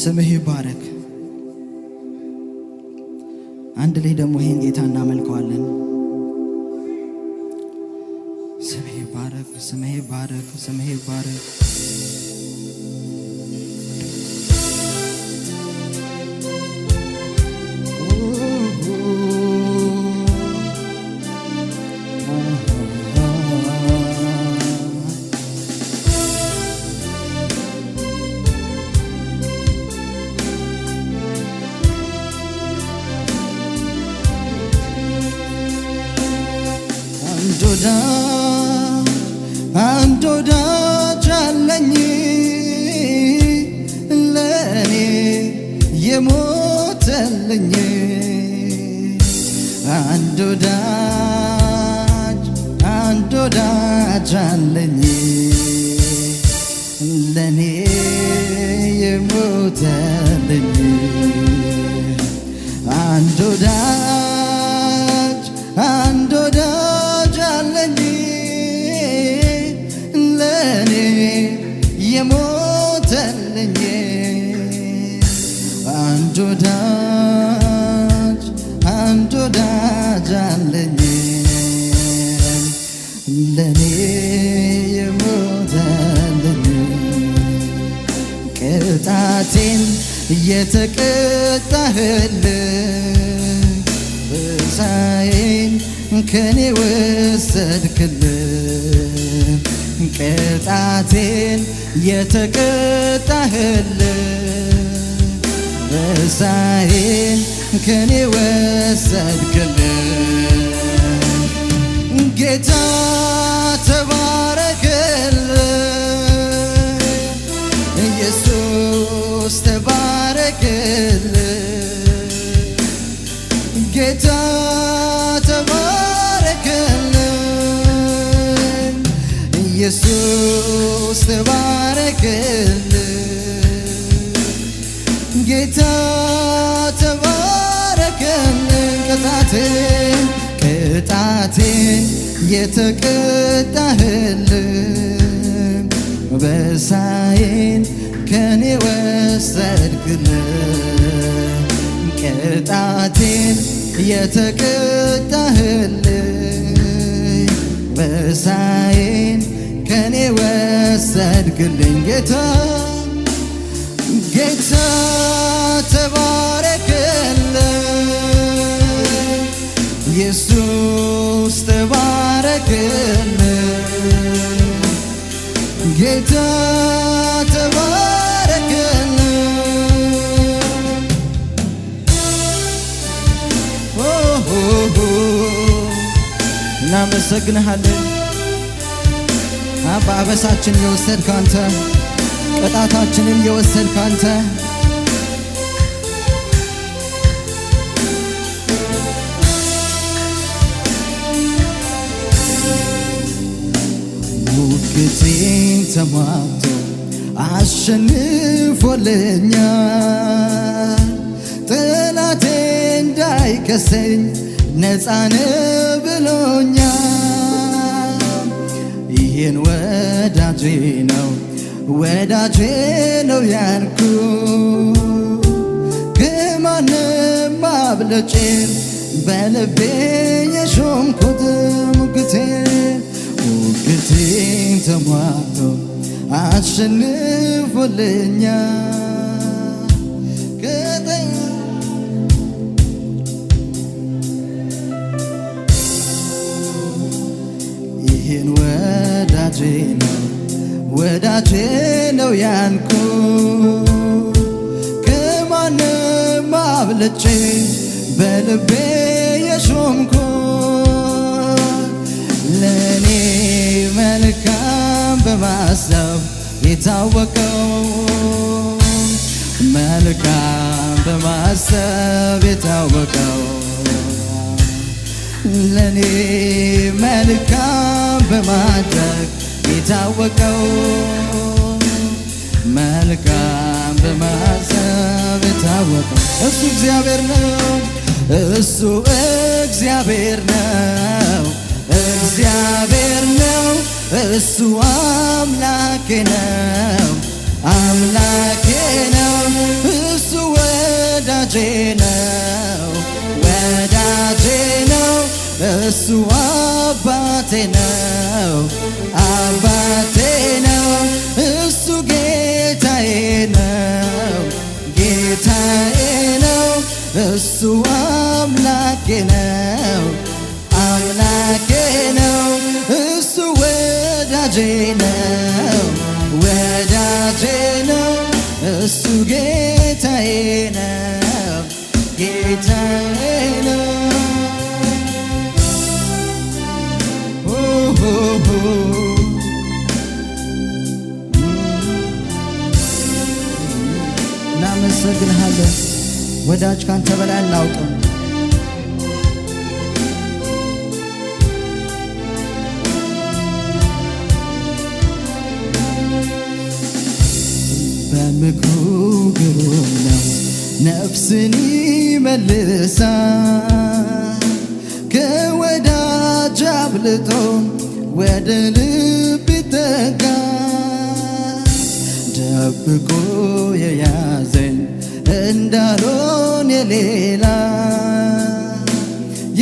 ስምህ ይባረክ። አንድ ላይ ደግሞ ይሄን ጌታ እናመልከዋለን። ስምህ ይባረክ፣ ስምህ ይባረክ፣ ስምህ ይባረክ። ወዳጅ አንድ ወዳጅ አለኝ ለእኔ የሞተልኝ አንድ ወዳጅ አንድ ወዳጅ አለኝ ለእኔ የሞተልኝ አንድ ወዳጅ ወዳጅ አንድ ወዳጅ አለኝ ለኔ የሞተልኝ ቅጣቴን የተቀጣህልኝ ብሳዬን ከኔ ወሰድክልኝ ቅጣቴን የተቀጣህልኝ ፍሳዬን ከኔ ወሰድክልን ጌታ ተባረክልን ኢየሱስ ተባረክልን ጌታ ተባረክልን ኢየሱስ ተባረክልን ጌታ ተባረከልን ቅጣትን ቅጣትን የተቀጣህልን በሳይን ከኔ ወሰድክልን ቅጣቴን የተቀጣህልን በሳይን ከኔ ወሰድክልን ጌታ እናመሰግንሃለን። በአበሳችን የወሰድ ካንተ ቅጣታችንም የወሰድ ካንተ ሙግቴን ተሟቶ አሸንፎልኛል ጥላቴ እንዳይከሰኝ ነፃነ ብሎኛ ይህን ወዳጄ ነው ወዳጄ ነው ያልኩ ከማንም አብልጬ በልቤ የሾምኩት ሙግቴ ሙግቴ ተሟቶ አሸንፎልኛ ወዳጄ ነው ወዳጄ ነው ያልኩ ከማንም አብልጬ በልቤ የሾምኩ ለእኔ መልካም በማሰብ የታወቀው መልካም በማሰብ የታወቀው ለእኔ መልካም በማድረግ የታወቀው መልካም በማሰብ የታወቀው እሱ እግዚአብሔር ነው። እሱ እግዚአብሔር ነው። እግዚአብሔር ነው። እሱ አምላኬ ነው። አምላኬ ነው። እሱ ወዳጄ ነው። ወዳጄ ነው። እሱ አባቴ ነው። አባ እሱ ጌታዬ ነው ጌታዬ ነው እሱ አምላኬ ነው አምላኬ ነው እሱ ወዳጄ ነው ወዳጄ ነው እሱ ጌታዬ ነው ጌታዬ ወዳጅ ካንተ በላይ አናውቅም። በምክሩ ግሩም ነው፣ ነፍስን ይመልሳል ከወዳጅ አብልጦ ወደ ልብ ይጠጋል ደብቆ የያዘኝ እንዳልሆን የሌላ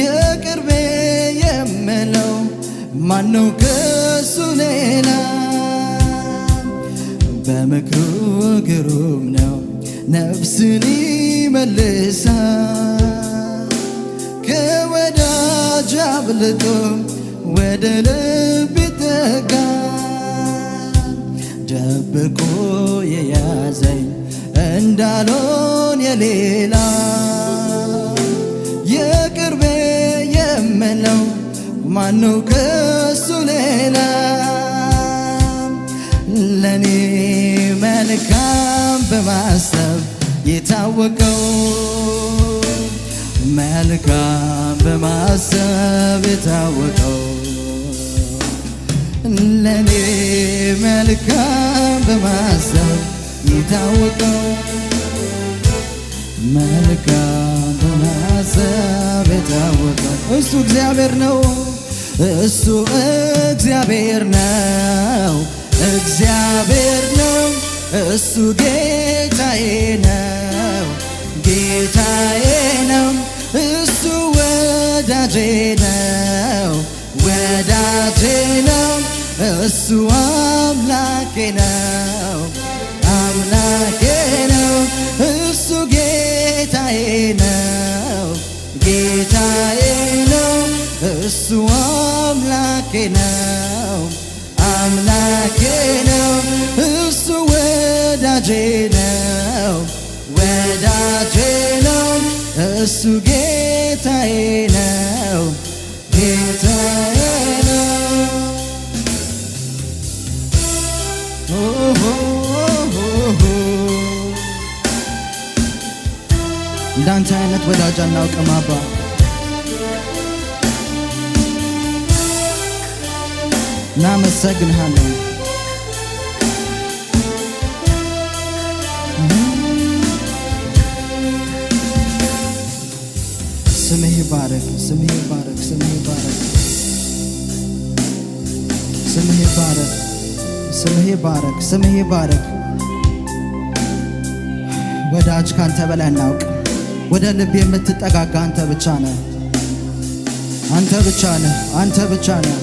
የቅርቤ የምለው ማነው ከሱ ሌላ? በምክሩ ግሩም ነው ነፍስን ይመልሳ ከወዳጅ አብልጦ ወደ ልብ ይጠጋ ደብቆ የያ እንዳልሆን የሌላ የቅርቤ የምለው ማኑ ከሱ ሌላ ለኔ መልካም በማሰብ የታወቀው መልካም በማሰብ የታወቀው ለኔ መልካም በማሰብ የታወቀው መልካም በማሰብ የታወቀው እሱ እግዚአብሔር ነው። እሱ እግዚአብሔር ነው። እግዚአብሔር ነው። እሱ ጌታዬ ነው። ጌታዬ ነው። እሱ ወዳጄ ነው። ወዳጄ ነው። እሱ አምላኬ ነው። አምላኬ ነው እሱ ጌታዬ ነው ጌታዬ ነው እሱ አምላኬ ነው አምላኬ ነው እሱ ወዳጄ ነው ወዳጄ ነው እሱ ጌታዬ ነው እንዳንተ አይነት ወዳጅ አናውቅም አባ እናመሰግንሃለን። ስምህ ይባረክ፣ ስምህ ይባረክ፣ ስምህ ይባረክ፣ ስምህ ይባረክ፣ ስምህ ይባረክ፣ ስምህ ይባረክ። ወዳጅ ካንተ በላይ አናውቅ ወደ ልብ የምትጠጋጋ አንተ ብቻ ነህ። አንተ ብቻ ነህ። አንተ ብቻ ነህ።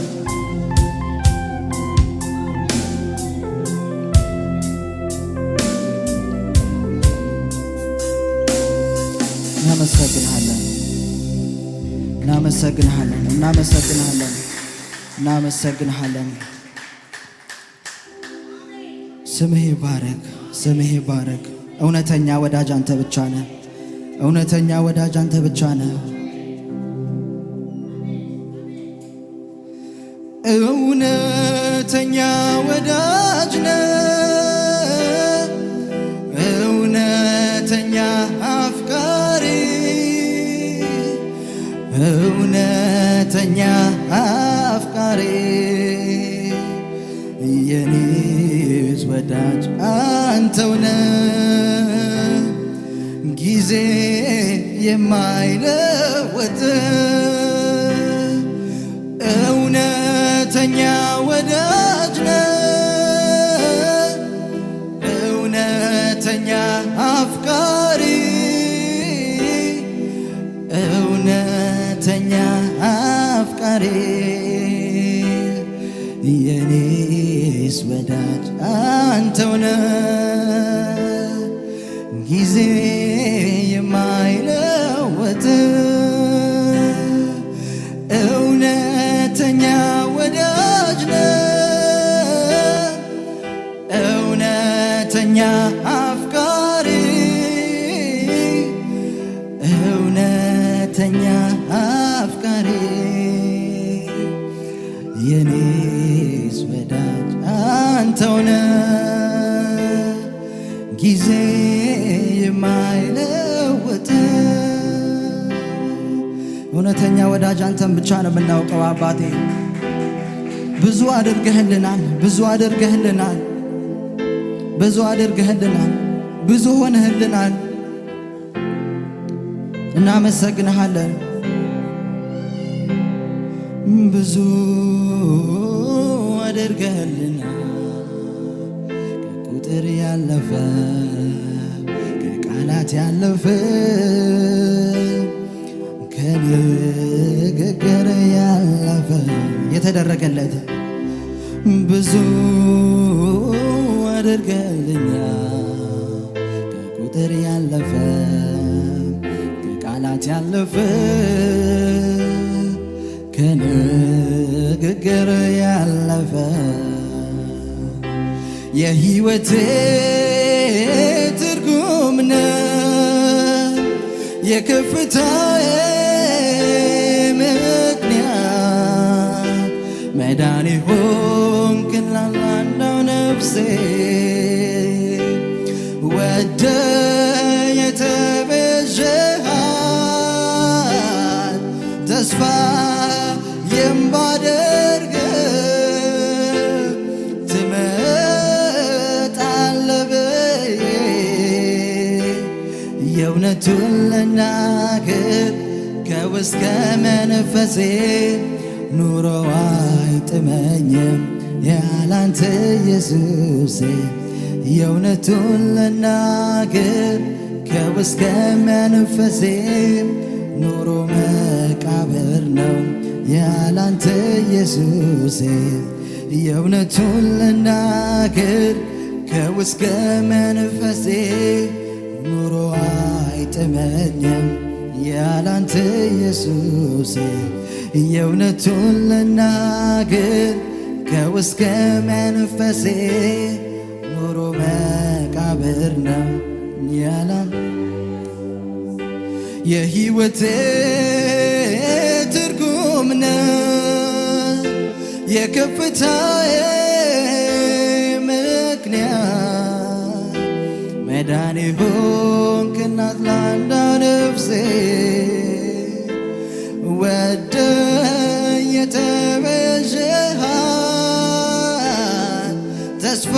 እናመሰግንሃለን፣ እናመሰግንሃለን፣ እናመሰግንሃለን፣ እናመሰግንሃለን። ስምህ ይባረክ፣ ስምህ ይባረክ። እውነተኛ ወዳጅ አንተ ብቻ ነህ። እውነተኛ ወዳጅ አንተ ብቻ ነህ። እውነተኛ ወዳጅ ነህ። እውነተኛ አፍቃሪ፣ እውነተኛ አፍቃሪ የኔ ወዳጅ አንተው ነህ። ጊዜ የማይለወጥ እውነተኛ ወዳጅ እውነተኛ አፍቃሪ እውነተኛ አፍቃሪ የኔስ ወዳጅ አንተውነ ጊዜ የእኛ አፍቃሪ እውነተኛ አፍቃሪ የኔስ ወዳጅ አንተውነ ጊዜ የማይለወጥ እውነተኛ ወዳጅ አንተን ብቻ ነው የምናውቀው አባቴ። ብዙ አድርገህልናል፣ ብዙ አድርገህልናል ብዙ አድርገህልናል፣ ብዙ ሆነህልናል። እናመሰግንሃለን። ብዙ አድርገህልናል፣ ከቁጥር ያለፈ ከቃላት ያለፈ ከንግግር ያለፈ የተደረገለት ብዙ ያደርገልኛል ከቁጥር ያለፈ ከቃላት ያለፈ ከንግግር ያለፈ የሕይወቴ ትርጉም ነው የከፍታዬ ምክንያት መዳኔ ሆንክላላንዳው ነፍሴ ወደ የተቤዠሃል ተስፋ የማደርግ ትመጣለህ የእውነቱን ልናገር ከውስጥ ከመንፈሴ ኑሮ አይጥመኝም ያላንተ ኢየሱሴ የእውነቱን ልናገር ከውስጥ ከሚያንፈሴ ኑሮ መቃብር ነው ያላንተ ኢየሱሴ። የእውነቱን ልናገር ከውስጥ ከሚያንፈሴ ኑሮ አይጥመኝም ያላንተ ኢየሱሴ። የእውነቱን ልናገር ከውስጥ ከሚያንፈሴ ኑሮ እግዚአብሔር ነው ያላል የህይወቴ ትርጉም ነው የከፍታዬ ምክንያት መዳኔ ሆንክ እናት ላንዳ ነፍሴ ወደ የተበዥሃ ተስፋ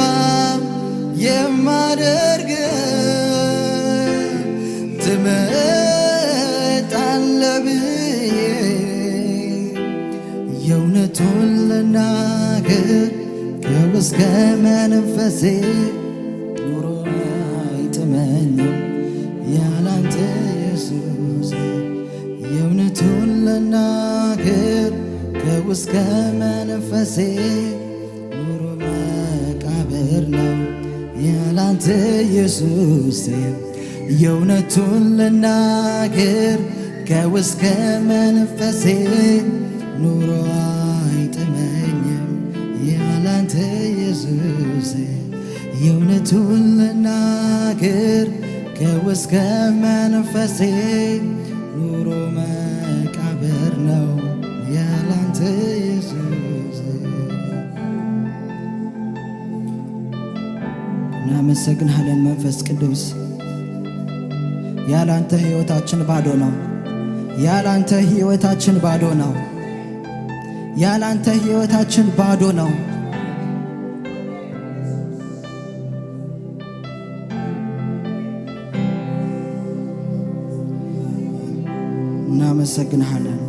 የማደርግ ትመጣለብዬ የእውነቱን ልናገር ከውስጥ ከመንፈሴ ኑሮ ያላንተ ኢየሱስ የእውነቱን ልናገር ከውስጥ አንተ ኢየሱስ የእውነቱን ልናገር ከውስከ መንፈሴ ኑሮ አይጥመኝም ያላንተ ኢየሱስ የእውነቱን ልናገር ከውስከ መንፈሴ ኑሮ መቃብር ነው ያላንተ ኢየሱስ እናመሰግንሃለን መንፈስ ቅዱስ። ያላንተ ሕይወታችን ባዶ ነው። ያላንተ ሕይወታችን ባዶ ነው። ያላንተ ሕይወታችን ባዶ ነው። እናመሰግንሃለን።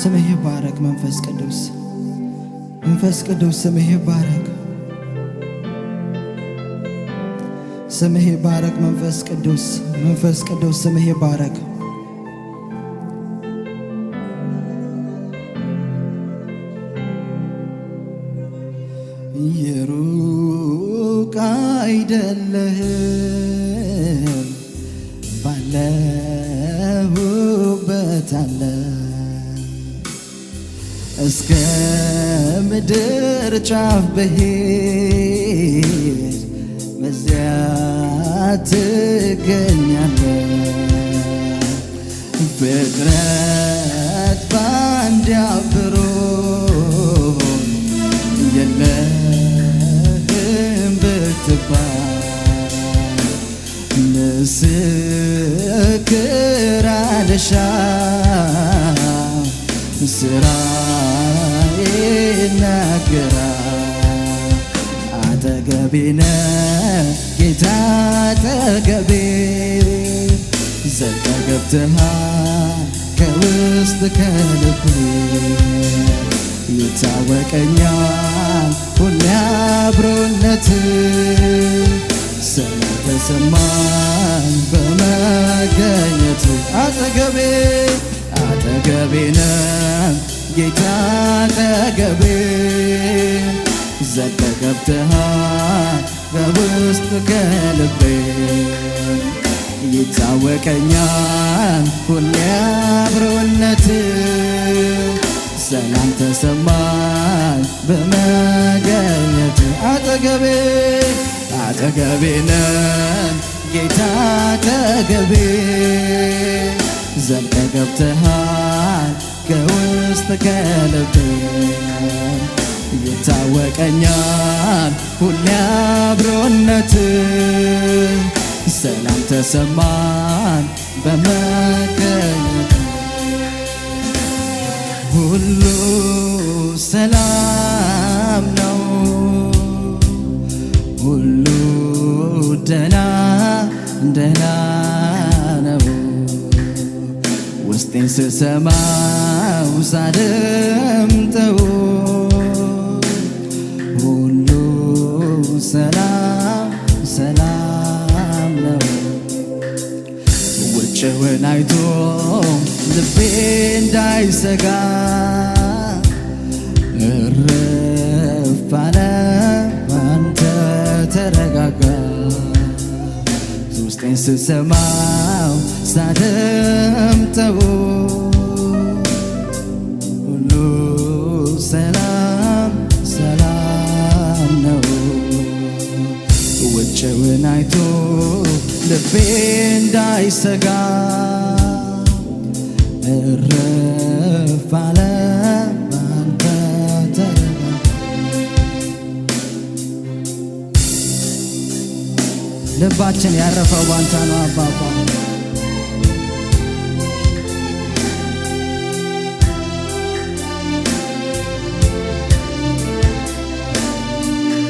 ስምህ ይባረክ መንፈስ ቅዱስ መንፈስ ቅዱስ ስምህ ይባረክ ስምህ ይባረክ መንፈስ ቅዱስ መንፈስ ቅዱስ ስምህ ይባረክ የሩቅ አይደለህ ጫፍ በሄ አጠገቤነ ጌታ አጠገቤ ዘልቀ ገብተሃል ከውስጥ ከልብ ይታወቀኛል ሁሌ አብሮነት ስለተሰማኝ በመገኘት አጠገቤ አጠገቤነ ጌታ አጠገቤ ዘልቀ ገብተሃል በውስጥ ከልቤ ይታወቀኛል ሁሌ አብሮነት ሰላም ተሰማኝ በመገኘት አጠገቤ አጠገቤ ነህ ጌታ አጠገቤ ዘልቀ ገብተሃል ከውስጥ ከልቤ ይታወቀኛል ሁሌ አብሮነት ሰላም ተሰማን በመገኘት ሁሉ ሰላም ነው ሁሉ ደና ደና ነው ውስጤን ስሰማው ሳደምጠው ሰላም ሰላም ነው። ውጭውን አይቶ ልቤ እንዳይሰጋ ባንተ ተረጋጋ። ውስጤን ስሰማው ሳደምጠው አይቶ ልቤ እንዳይሰጋ እረፍ አለ ባንተ ተረጋ። ልባችን ያረፈው ባንተ ነው አባባ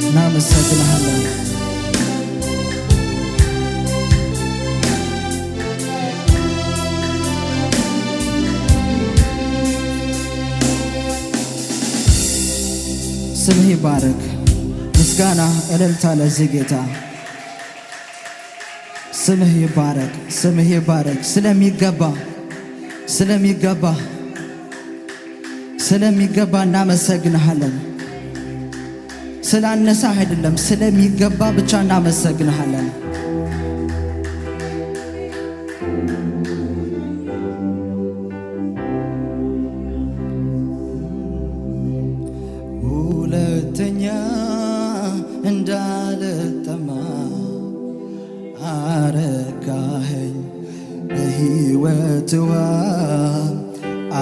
እናመሰግንሃለን። ስምህ ይባረክ። ምስጋና እልልታ ለዚህ ጌታ ስምህ ይባረክ፣ ስምህ ይባረክ። ስለሚገባ ስለሚገባ ስለሚገባ እናመሰግንሃለን። ስላነሳ አይደለም ስለሚገባ ብቻ እናመሰግንሃለን። ፍትዋ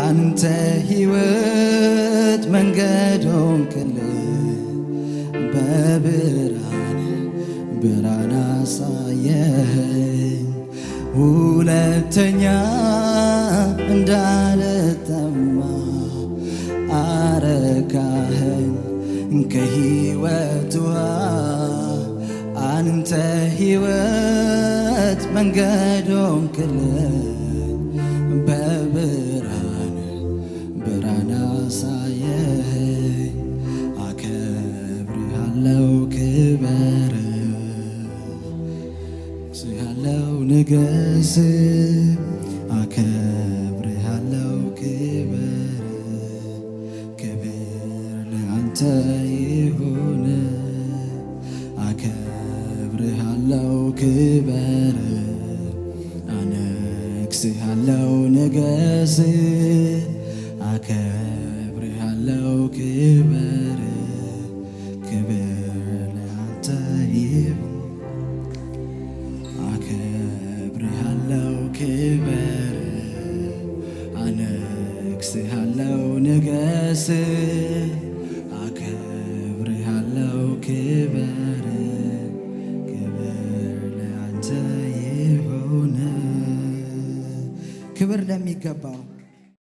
አንተ ሕይወት መንገዶን ክል በብርሃን ብርሃን አሳየኸኝ ሁለተኛ እንዳልጠማ አረካኸኝ ከሕይወት ውሃ አንተ ሕይወት መንገዶን ሆንክልን ልገስብ አከብርሃለው ክብር ክብር ለአንተ ይሁን አከብርሃለው ክብር አነግስሃለው ንገስ አከ